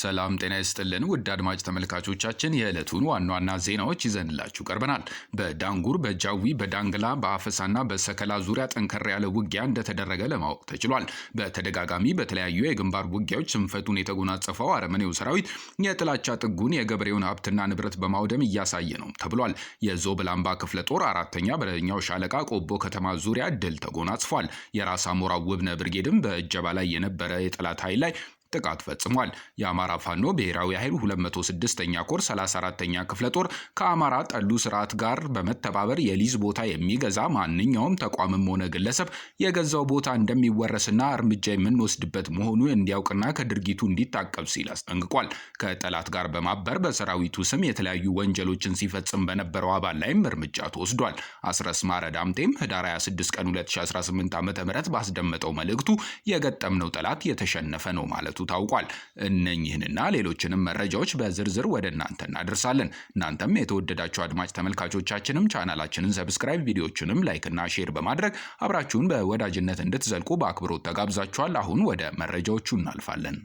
ሰላም ጤና ይስጥልን ውድ አድማጭ ተመልካቾቻችን የዕለቱን ዋና ዋና ዜናዎች ይዘንላችሁ ቀርበናል። በዳንጉር በጃዊ በዳንግላ በአፈሳና በሰከላ ዙሪያ ጠንከር ያለ ውጊያ እንደተደረገ ለማወቅ ተችሏል። በተደጋጋሚ በተለያዩ የግንባር ውጊያዎች ስንፈቱን የተጎናጸፈው አረመኔው ሰራዊት የጥላቻ ጥጉን የገበሬውን ሀብትና ንብረት በማውደም እያሳየ ነው ተብሏል። የዞብላምባ ክፍለ ጦር አራተኛ በረኛው ሻለቃ ቆቦ ከተማ ዙሪያ ድል ተጎናጽፏል። የራስ አሞራ ውብነ ብርጌድም በእጀባ ላይ የነበረ የጠላት ኃይል ላይ ጥቃት ፈጽሟል። የአማራ ፋኖ ብሔራዊ ኃይል 206ኛ ኮር 34ኛ ክፍለ ጦር ከአማራ ጠሉ ስርዓት ጋር በመተባበር የሊዝ ቦታ የሚገዛ ማንኛውም ተቋምም ሆነ ግለሰብ የገዛው ቦታ እንደሚወረስና እርምጃ የምንወስድበት መሆኑን እንዲያውቅና ከድርጊቱ እንዲታቀብ ሲል አስጠንቅቋል። ከጠላት ጋር በማበር በሰራዊቱ ስም የተለያዩ ወንጀሎችን ሲፈጽም በነበረው አባል ላይም እርምጃ ተወስዷል። አስረስማረ ማረ ዳምጤም ህዳር 26 ቀን 2018 ዓ ም ባስደመጠው መልእክቱ የገጠምነው ጠላት የተሸነፈ ነው ማለቱ ታውቋል። እነኝህንና ሌሎችንም መረጃዎች በዝርዝር ወደ እናንተ እናደርሳለን። እናንተም የተወደዳቸው አድማጭ ተመልካቾቻችንም ቻናላችንን ሰብስክራይብ፣ ቪዲዮችንም ላይክና ሼር በማድረግ አብራችሁን በወዳጅነት እንድትዘልቁ በአክብሮት ተጋብዛችኋል። አሁን ወደ መረጃዎቹ እናልፋለን።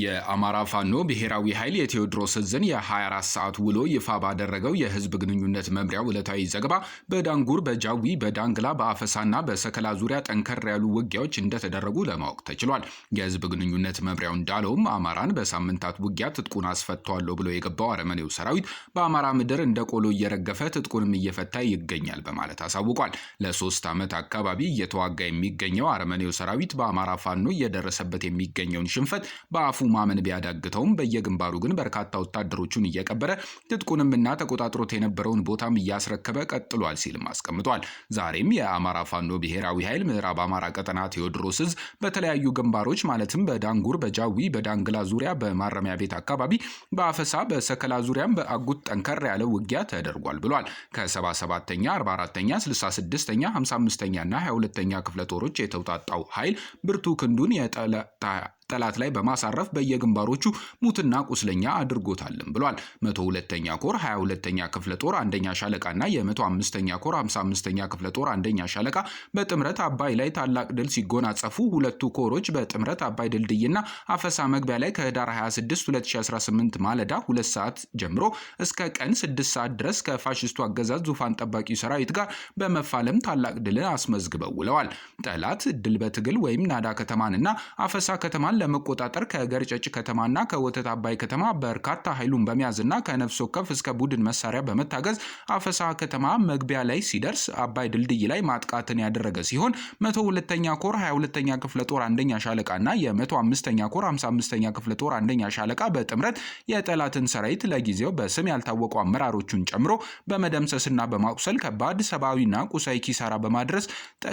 የአማራ ፋኖ ብሔራዊ ኃይል የቴዎድሮስ ዕዝን የ24 ሰዓት ውሎ ይፋ ባደረገው የህዝብ ግንኙነት መምሪያው ዕለታዊ ዘገባ በዳንጉር፣ በጃዊ፣ በዳንግላ፣ በአፈሳና በሰከላ ዙሪያ ጠንከር ያሉ ውጊያዎች እንደተደረጉ ለማወቅ ተችሏል። የህዝብ ግንኙነት መምሪያው እንዳለውም አማራን በሳምንታት ውጊያ ትጥቁን አስፈቷለሁ ብሎ የገባው አረመኔው ሰራዊት በአማራ ምድር እንደ ቆሎ እየረገፈ ትጥቁንም እየፈታ ይገኛል በማለት አሳውቋል። ለሶስት ዓመት አካባቢ እየተዋጋ የሚገኘው አረመኔው ሰራዊት በአማራ ፋኖ እየደረሰበት የሚገኘውን ሽንፈት በአፉ ማመን ቢያዳግተውም በየግንባሩ ግን በርካታ ወታደሮቹን እየቀበረ ትጥቁንምና ተቆጣጥሮት የነበረውን ቦታም እያስረከበ ቀጥሏል ሲልም አስቀምጧል። ዛሬም የአማራ ፋኖ ብሔራዊ ኃይል ምዕራብ አማራ ቀጠና ቴዎድሮስ እዝ በተለያዩ ግንባሮች ማለትም በዳንጉር፣ በጃዊ፣ በዳንግላ ዙሪያ፣ በማረሚያ ቤት አካባቢ፣ በአፈሳ፣ በሰከላ ዙሪያም በአጉት ጠንከር ያለ ውጊያ ተደርጓል ብሏል። ከ77ኛ፣ 44ኛ፣ 66ኛ፣ 55ኛ እና 22ኛ ክፍለ ጦሮች የተውጣጣው ኃይል ብርቱ ክንዱን የጠለጣ ጠላት ላይ በማሳረፍ በየግንባሮቹ ሙትና ቁስለኛ አድርጎታልም ብሏል። መቶ ሁለተኛ ኮር 22ኛ ክፍለ ጦር አንደኛ ሻለቃና የመቶ አምስተኛ ኮር 55ኛ ክፍለ ጦር አንደኛ ሻለቃ በጥምረት አባይ ላይ ታላቅ ድል ሲጎናጸፉ ሁለቱ ኮሮች በጥምረት አባይ ድልድይና አፈሳ መግቢያ ላይ ከህዳር 26 2018 ማለዳ ሁለት ሰዓት ጀምሮ እስከ ቀን 6 ሰዓት ድረስ ከፋሽስቱ አገዛዝ ዙፋን ጠባቂ ሰራዊት ጋር በመፋለም ታላቅ ድልን አስመዝግበው ውለዋል። ጠላት ድል በትግል ወይም ናዳ ከተማንና አፈሳ ከተማን ለመቆጣጠር ከገርጨጭ ከተማና ከወተት አባይ ከተማ በርካታ ኃይሉን በመያዝና ከነፍስ ወከፍ እስከ ቡድን መሳሪያ በመታገዝ አፈሳ ከተማ መግቢያ ላይ ሲደርስ አባይ ድልድይ ላይ ማጥቃትን ያደረገ ሲሆን መቶ ሁለተኛ ኮር 22ኛ ክፍለ ጦር አንደኛ ሻለቃና የመቶ አምስተኛ ኮር 55ኛ ክፍለ ጦር አንደኛ ሻለቃ በጥምረት የጠላትን ሰራዊት ለጊዜው በስም ያልታወቁ አመራሮቹን ጨምሮ በመደምሰስና በማቁሰል ከባድ ሰብአዊና ቁሳዊ ኪሳራ በማድረስ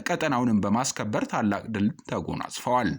ቀጠናውንም በማስከበር ታላቅ ድል ተጎናጽፈዋል።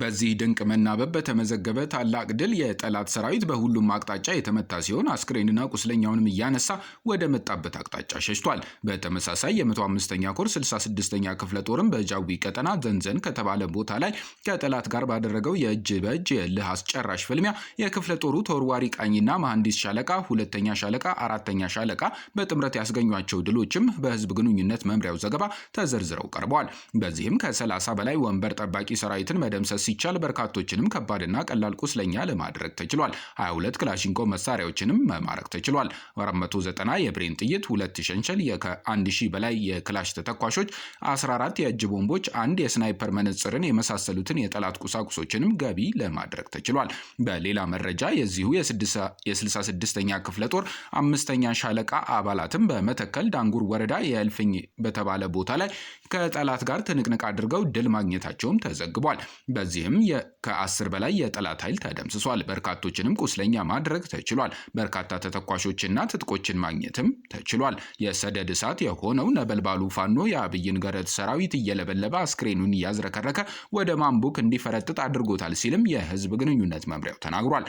በዚህ ድንቅ መናበብ በተመዘገበ ታላቅ ድል የጠላት ሰራዊት በሁሉም አቅጣጫ የተመታ ሲሆን አስክሬንና ቁስለኛውንም እያነሳ ወደ መጣበት አቅጣጫ ሸሽቷል። በተመሳሳይ የ 5 ኛ ኮር 66ኛ ክፍለ ጦርም በጃዊ ቀጠና ዘንዘን ከተባለ ቦታ ላይ ከጠላት ጋር ባደረገው የእጅ በእጅ የልህ አስጨራሽ ፍልሚያ የክፍለ ጦሩ ተወርዋሪ ቃኝና መሐንዲስ ሻለቃ፣ ሁለተኛ ሻለቃ፣ አራተኛ ሻለቃ በጥምረት ያስገኟቸው ድሎችም በህዝብ ግንኙነት መምሪያው ዘገባ ተዘርዝረው ቀርበዋል። በዚህም ከ30 በላይ ወንበር ጠባቂ ሰራዊትን መደምሰ መደምሰስ ሲቻል በርካቶችንም ከባድና ቀላል ቁስለኛ ለማድረግ ተችሏል። 22 ክላሽንኮ መሳሪያዎችንም መማረክ ተችሏል። 490 የብሬን ጥይት፣ ሁለት ሸንሸል፣ ከ1000 በላይ የክላሽ ተተኳሾች፣ 14 የእጅ ቦምቦች፣ አንድ የስናይፐር መነጽርን የመሳሰሉትን የጠላት ቁሳቁሶችንም ገቢ ለማድረግ ተችሏል። በሌላ መረጃ የዚሁ የ66ኛ ክፍለ ጦር አምስተኛ ሻለቃ አባላትም በመተከል ዳንጉር ወረዳ የእልፍኝ በተባለ ቦታ ላይ ከጠላት ጋር ትንቅንቅ አድርገው ድል ማግኘታቸውም ተዘግቧል። በዚህም ከአስር በላይ የጠላት ኃይል ተደምስሷል። በርካቶችንም ቁስለኛ ማድረግ ተችሏል። በርካታ ተተኳሾችና ትጥቆችን ማግኘትም ተችሏል። የሰደድ እሳት የሆነው ነበልባሉ ፋኖ የአብይን ገረድ ሰራዊት እየለበለበ አስክሬኑን እያዝረከረከ ወደ ማምቡክ እንዲፈረጥጥ አድርጎታል ሲልም የህዝብ ግንኙነት መምሪያው ተናግሯል።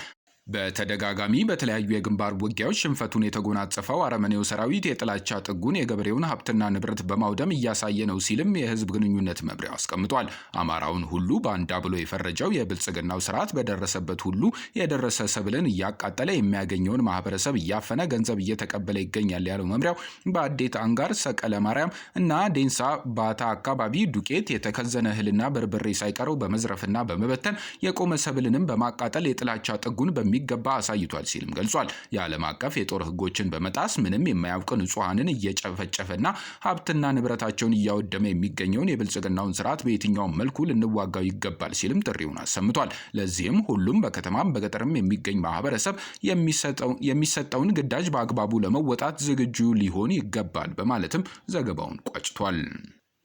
በተደጋጋሚ በተለያዩ የግንባር ውጊያዎች ሽንፈቱን የተጎናጸፈው አረመኔው ሰራዊት የጥላቻ ጥጉን የገበሬውን ሀብትና ንብረት በማውደም እያሳየ ነው ሲልም የህዝብ ግንኙነት መምሪያው አስቀምጧል። አማራውን ሁሉ ባንዳ ብሎ የፈረጀው የብልጽግናው ስርዓት በደረሰበት ሁሉ የደረሰ ሰብልን እያቃጠለ የሚያገኘውን ማህበረሰብ እያፈነ ገንዘብ እየተቀበለ ይገኛል ያለው መምሪያው በአዴት አንጋር፣ ሰቀለ ማርያም እና ዴንሳ ባታ አካባቢ ዱቄት፣ የተከዘነ እህልና በርበሬ ሳይቀረው በመዝረፍና በመበተን የቆመ ሰብልንም በማቃጠል የጥላቻ ጥጉን በሚ በሚገባ አሳይቷል ሲልም ገልጿል። የዓለም አቀፍ የጦር ህጎችን በመጣስ ምንም የማያውቅ ንጹሐንን እየጨፈጨፈና ሀብትና ንብረታቸውን እያወደመ የሚገኘውን የብልጽግናውን ስርዓት በየትኛውም መልኩ ልንዋጋው ይገባል ሲልም ጥሪውን አሰምቷል። ለዚህም ሁሉም በከተማም በገጠርም የሚገኝ ማህበረሰብ የሚሰጠውን ግዳጅ በአግባቡ ለመወጣት ዝግጁ ሊሆን ይገባል በማለትም ዘገባውን ቋጭቷል።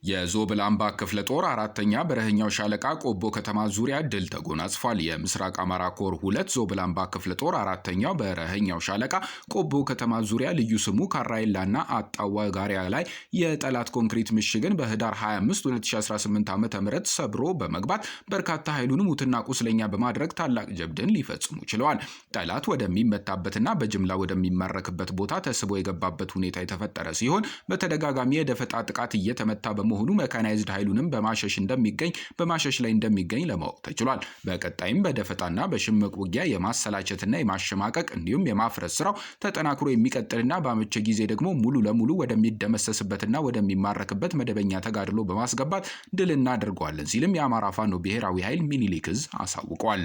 የዞብል አምባ ክፍለ ጦር አራተኛ በረህኛው ሻለቃ ቆቦ ከተማ ዙሪያ ድል ተጎናጽፏል። የምስራቅ አማራ ኮር ሁለት ዞብል አምባ ክፍለ ጦር አራተኛው በረህኛው ሻለቃ ቆቦ ከተማ ዙሪያ ልዩ ስሙ ካራይላና አጣዋ ጋሪያ ላይ የጠላት ኮንክሪት ምሽግን በህዳር 25 2018 ዓ ም ሰብሮ በመግባት በርካታ ኃይሉን ሙትና ቁስለኛ በማድረግ ታላቅ ጀብድን ሊፈጽሙ ችለዋል። ጠላት ወደሚመታበትና በጅምላ ወደሚማረክበት ቦታ ተስቦ የገባበት ሁኔታ የተፈጠረ ሲሆን በተደጋጋሚ የደፈጣ ጥቃት እየተመታ በመሆኑ መካናይዝድ ኃይሉንም በማሸሽ እንደሚገኝ በማሸሽ ላይ እንደሚገኝ ለማወቅ ተችሏል። በቀጣይም በደፈጣና በሽምቅ ውጊያ የማሰላቸትና የማሸማቀቅ እንዲሁም የማፍረስ ስራው ተጠናክሮ የሚቀጥልና በአመቸ ጊዜ ደግሞ ሙሉ ለሙሉ ወደሚደመሰስበትና ወደሚማረክበት መደበኛ ተጋድሎ በማስገባት ድል እናደርገዋለን ሲልም የአማራ ፋኖ ብሔራዊ ኃይል ሚኒሊክ እዝ አሳውቋል።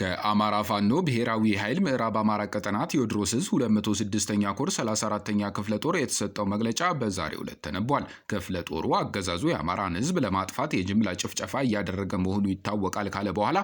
ከአማራ ፋኖ ብሔራዊ ኃይል ምዕራብ አማራ ቀጠና ቴዎድሮስ ዕዝ 26 ኛ ኮር 34ኛ ክፍለ ጦር የተሰጠው መግለጫ በዛሬው ዕለት ተነቧል። ክፍለ ጦሩ አገዛዙ የአማራን ሕዝብ ለማጥፋት የጅምላ ጭፍጨፋ እያደረገ መሆኑ ይታወቃል ካለ በኋላ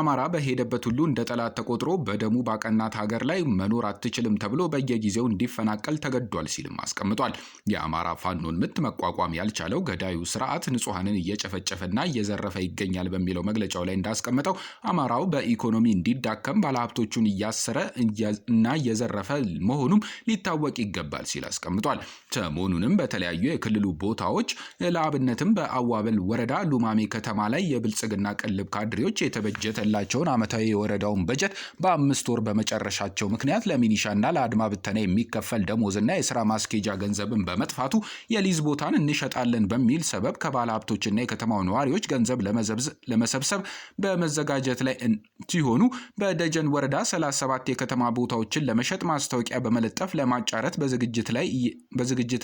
አማራ በሄደበት ሁሉ እንደ ጠላት ተቆጥሮ በደሙ ባቀናት ሀገር ላይ መኖር አትችልም ተብሎ በየጊዜው እንዲፈናቀል ተገዷል ሲልም አስቀምጧል። የአማራ ፋኖን ምት መቋቋም ያልቻለው ገዳዩ ስርዓት ንጹሐንን እየጨፈጨፈና እየዘረፈ ይገኛል በሚለው መግለጫው ላይ እንዳስቀመጠው አማራው በኢኮ ኢኮኖሚ እንዲዳከም ባለሀብቶቹን እያሰረ እና እየዘረፈ መሆኑም ሊታወቅ ይገባል ሲል አስቀምጧል። ሰሞኑንም በተለያዩ የክልሉ ቦታዎች ለአብነትም በአዋበል ወረዳ ሉማሜ ከተማ ላይ የብልጽግና ቅልብ ካድሬዎች የተበጀተላቸውን ዓመታዊ የወረዳውን በጀት በአምስት ወር በመጨረሻቸው ምክንያት ለሚኒሻና ለአድማ ብተና የሚከፈል ደሞዝና የስራ ማስኬጃ ገንዘብን በመጥፋቱ የሊዝ ቦታን እንሸጣለን በሚል ሰበብ ከባለሀብቶችና የከተማው ነዋሪዎች ገንዘብ ለመሰብሰብ በመዘጋጀት ላይ ሲሆኑ በደጀን ወረዳ 37 የከተማ ቦታዎችን ለመሸጥ ማስታወቂያ በመለጠፍ ለማጫረት በዝግጅት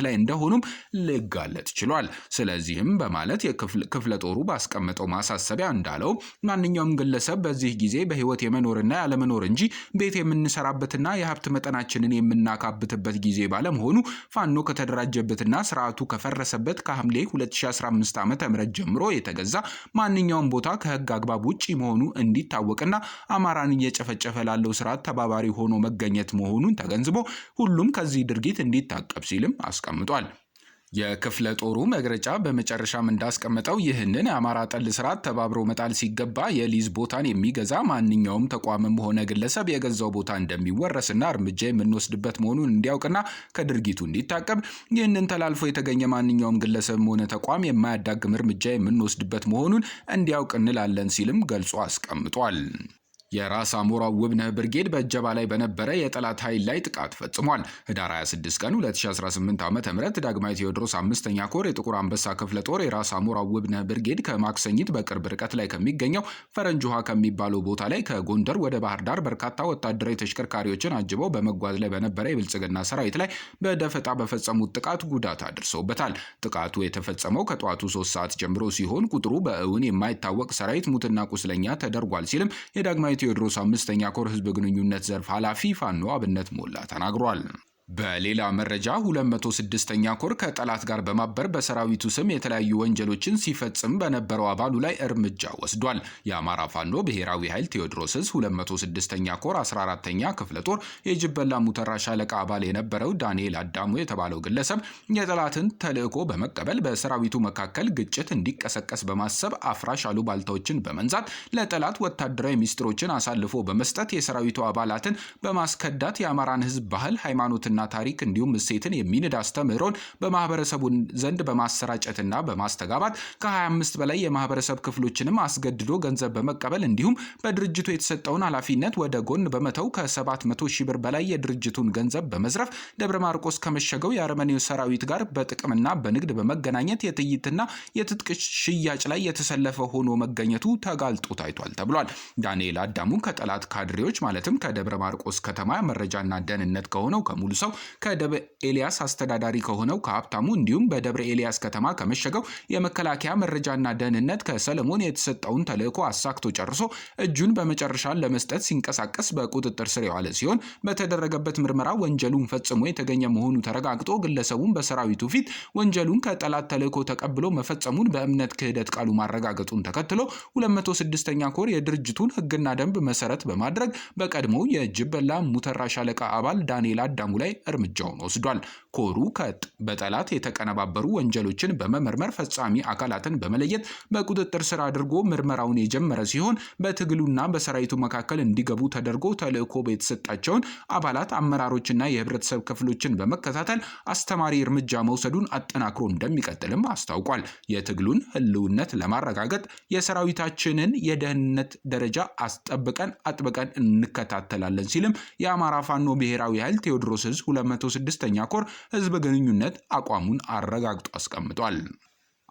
ላይ እንደሆኑም ሊጋለጥ ችሏል። ስለዚህም በማለት የክፍለ ጦሩ ባስቀመጠው ማሳሰቢያ እንዳለው ማንኛውም ግለሰብ በዚህ ጊዜ በህይወት የመኖርና ያለመኖር እንጂ ቤት የምንሰራበትና የሀብት መጠናችንን የምናካብትበት ጊዜ ባለመሆኑ ፋኖ ከተደራጀበትና ስርዓቱ ከፈረሰበት ከሐምሌ 2015 ዓ.ም ጀምሮ የተገዛ ማንኛውም ቦታ ከህግ አግባብ ውጭ መሆኑ እንዲታወቅና አማራን እየጨፈጨፈ ላለው ስርዓት ተባባሪ ሆኖ መገኘት መሆኑን ተገንዝቦ ሁሉም ከዚህ ድርጊት እንዲታቀብ ሲልም አስቀምጧል። የክፍለ ጦሩ መግረጫ በመጨረሻም እንዳስቀመጠው ይህንን የአማራ ጠል ስርዓት ተባብሮ መጣል ሲገባ የሊዝ ቦታን የሚገዛ ማንኛውም ተቋምም ሆነ ግለሰብ የገዛው ቦታ እንደሚወረስና እርምጃ የምንወስድበት መሆኑን እንዲያውቅና ከድርጊቱ እንዲታቀብ ይህንን ተላልፎ የተገኘ ማንኛውም ግለሰብም ሆነ ተቋም የማያዳግም እርምጃ የምንወስድበት መሆኑን እንዲያውቅ እንላለን ሲልም ገልጾ አስቀምጧል። የራስ አሞራ ውብነህ ብርጌድ በእጀባ ላይ በነበረ የጠላት ኃይል ላይ ጥቃት ፈጽሟል። ህዳር 26 ቀን 2018 ዓ ም ዳግማዊ ቴዎድሮስ አምስተኛ ኮር የጥቁር አንበሳ ክፍለ ጦር የራስ አሞራ ውብነህ ብርጌድ ከማክሰኝት በቅርብ ርቀት ላይ ከሚገኘው ፈረንጅ ውሃ ከሚባለው ቦታ ላይ ከጎንደር ወደ ባህር ዳር በርካታ ወታደራዊ ተሽከርካሪዎችን አጅበው በመጓዝ ላይ በነበረ የብልጽግና ሰራዊት ላይ በደፈጣ በፈጸሙት ጥቃት ጉዳት አድርሰውበታል። ጥቃቱ የተፈጸመው ከጠዋቱ ሶስት ሰዓት ጀምሮ ሲሆን ቁጥሩ በእውን የማይታወቅ ሰራዊት ሙትና ቁስለኛ ተደርጓል ሲልም የዳግማዊ ቴዎድሮስ አምስተኛ ኮር ህዝብ ግንኙነት ዘርፍ ኃላፊ ፋኖ አብነት ሞላ ተናግሯል። በሌላ መረጃ 206ኛ ኮር ከጠላት ጋር በማበር በሰራዊቱ ስም የተለያዩ ወንጀሎችን ሲፈጽም በነበረው አባሉ ላይ እርምጃ ወስዷል። የአማራ ፋኖ ብሔራዊ ኃይል ቴዎድሮስስ 206ኛ ኮር 14ኛ ክፍለ ጦር የጅበላ ሙተራ ሻለቃ አባል የነበረው ዳንኤል አዳሙ የተባለው ግለሰብ የጠላትን ተልዕኮ በመቀበል በሰራዊቱ መካከል ግጭት እንዲቀሰቀስ በማሰብ አፍራሽ አሉባልታዎችን በመንዛት ለጠላት ወታደራዊ ሚስጥሮችን አሳልፎ በመስጠት የሰራዊቱ አባላትን በማስከዳት የአማራን ሕዝብ ባህል፣ ሃይማኖትና ባህልና ታሪክ እንዲሁም እሴትን የሚንድ አስተምህሮን በማህበረሰቡ ዘንድ በማሰራጨትና በማስተጋባት ከ25 በላይ የማህበረሰብ ክፍሎችንም አስገድዶ ገንዘብ በመቀበል እንዲሁም በድርጅቱ የተሰጠውን ኃላፊነት ወደ ጎን በመተው ከ700 ሺህ ብር በላይ የድርጅቱን ገንዘብ በመዝረፍ ደብረ ማርቆስ ከመሸገው የአረመኔው ሰራዊት ጋር በጥቅምና በንግድ በመገናኘት የጥይትና የትጥቅ ሽያጭ ላይ የተሰለፈ ሆኖ መገኘቱ ተጋልጦ ታይቷል ተብሏል። ዳንኤል አዳሙ ከጠላት ካድሬዎች ማለትም ከደብረ ማርቆስ ከተማ መረጃና ደህንነት ከሆነው ከሙሉ ሰው የተነሳው ከደብረ ኤልያስ አስተዳዳሪ ከሆነው ከሀብታሙ እንዲሁም በደብረ ኤልያስ ከተማ ከመሸገው የመከላከያ መረጃና ደህንነት ከሰለሞን የተሰጠውን ተልዕኮ አሳክቶ ጨርሶ እጁን በመጨረሻ ለመስጠት ሲንቀሳቀስ በቁጥጥር ስር የዋለ ሲሆን በተደረገበት ምርመራ ወንጀሉን ፈጽሞ የተገኘ መሆኑ ተረጋግጦ ግለሰቡን በሰራዊቱ ፊት ወንጀሉን ከጠላት ተልዕኮ ተቀብሎ መፈጸሙን በእምነት ክህደት ቃሉ ማረጋገጡን ተከትሎ 206ኛ ኮር የድርጅቱን ህግና ደንብ መሰረት በማድረግ በቀድሞው የጅበላ ሙተራ ሻለቃ አባል ዳንኤል አዳሙ ላይ እርምጃውን ወስዷል። ኮሩ በጠላት የተቀነባበሩ ወንጀሎችን በመመርመር ፈጻሚ አካላትን በመለየት በቁጥጥር ስር አድርጎ ምርመራውን የጀመረ ሲሆን በትግሉና በሰራዊቱ መካከል እንዲገቡ ተደርጎ ተልዕኮ የተሰጣቸውን አባላት አመራሮችና የህብረተሰብ ክፍሎችን በመከታተል አስተማሪ እርምጃ መውሰዱን አጠናክሮ እንደሚቀጥልም አስታውቋል። የትግሉን ህልውነት ለማረጋገጥ የሰራዊታችንን የደህንነት ደረጃ አስጠብቀን አጥብቀን እንከታተላለን ሲልም የአማራ ፋኖ ብሔራዊ ኃይል ቴዎድሮስ ህዝ 206ኛ ኮር ህዝብ ግንኙነት አቋሙን አረጋግጦ አስቀምጧል።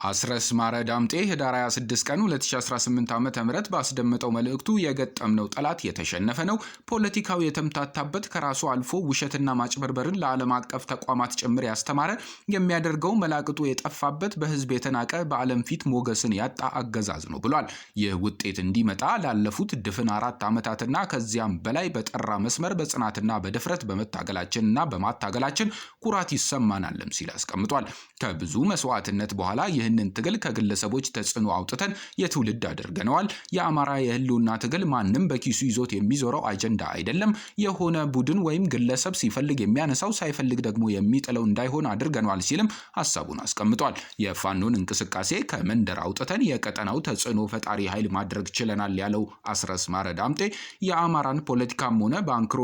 አስረስ ማረ ዳምጤ ህዳር 26 ቀን 2018 ዓ ም ባስደመጠው መልእክቱ የገጠምነው ጠላት የተሸነፈ ነው። ፖለቲካው የተምታታበት ከራሱ አልፎ ውሸትና ማጭበርበርን ለዓለም አቀፍ ተቋማት ጭምር ያስተማረ የሚያደርገው መላቅጡ የጠፋበት በህዝብ የተናቀ በዓለም ፊት ሞገስን ያጣ አገዛዝ ነው ብሏል። ይህ ውጤት እንዲመጣ ላለፉት ድፍን አራት ዓመታትና ከዚያም በላይ በጠራ መስመር በጽናትና በድፍረት በመታገላችንና በማታገላችን ኩራት ይሰማናልም ሲል አስቀምጧል። ከብዙ መስዋዕትነት በኋላ ይህንን ትግል ከግለሰቦች ተጽዕኖ አውጥተን የትውልድ አድርገነዋል። የአማራ የህልውና ትግል ማንም በኪሱ ይዞት የሚዞረው አጀንዳ አይደለም። የሆነ ቡድን ወይም ግለሰብ ሲፈልግ የሚያነሳው ሳይፈልግ ደግሞ የሚጥለው እንዳይሆን አድርገነዋል ሲልም ሀሳቡን አስቀምጧል። የፋኖን እንቅስቃሴ ከመንደር አውጥተን የቀጠናው ተጽዕኖ ፈጣሪ ኃይል ማድረግ ችለናል ያለው አስረስ ማረ ዳምጤ የአማራን ፖለቲካም ሆነ በአንክሮ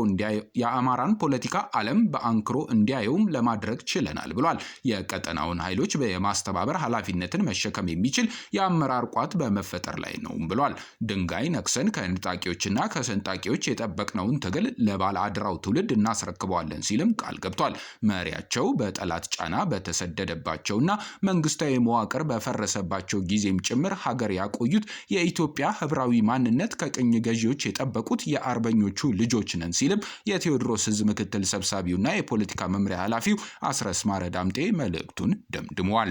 የአማራን ፖለቲካ ዓለም በአንክሮ እንዲያየውም ለማድረግ ችለናል ብሏል። የቀጠናውን ኃይሎች የማስተባበር ኃላፊ ኃላፊነትን መሸከም የሚችል የአመራር ቋት በመፈጠር ላይ ነውም ብሏል። ድንጋይ ነክሰን ከንጣቂዎችና ከሰንጣቂዎች የጠበቅነውን ትግል ለባለ አድራው ትውልድ እናስረክበዋለን ሲልም ቃል ገብቷል። መሪያቸው በጠላት ጫና በተሰደደባቸውና መንግስታዊ መዋቅር በፈረሰባቸው ጊዜም ጭምር ሀገር ያቆዩት የኢትዮጵያ ህብራዊ ማንነት ከቅኝ ገዢዎች የጠበቁት የአርበኞቹ ልጆች ነን ሲልም የቴዎድሮስ ህዝብ ምክትል ሰብሳቢውና የፖለቲካ መምሪያ ኃላፊው አስረስማረ ዳምጤ መልእክቱን ደምድሟል።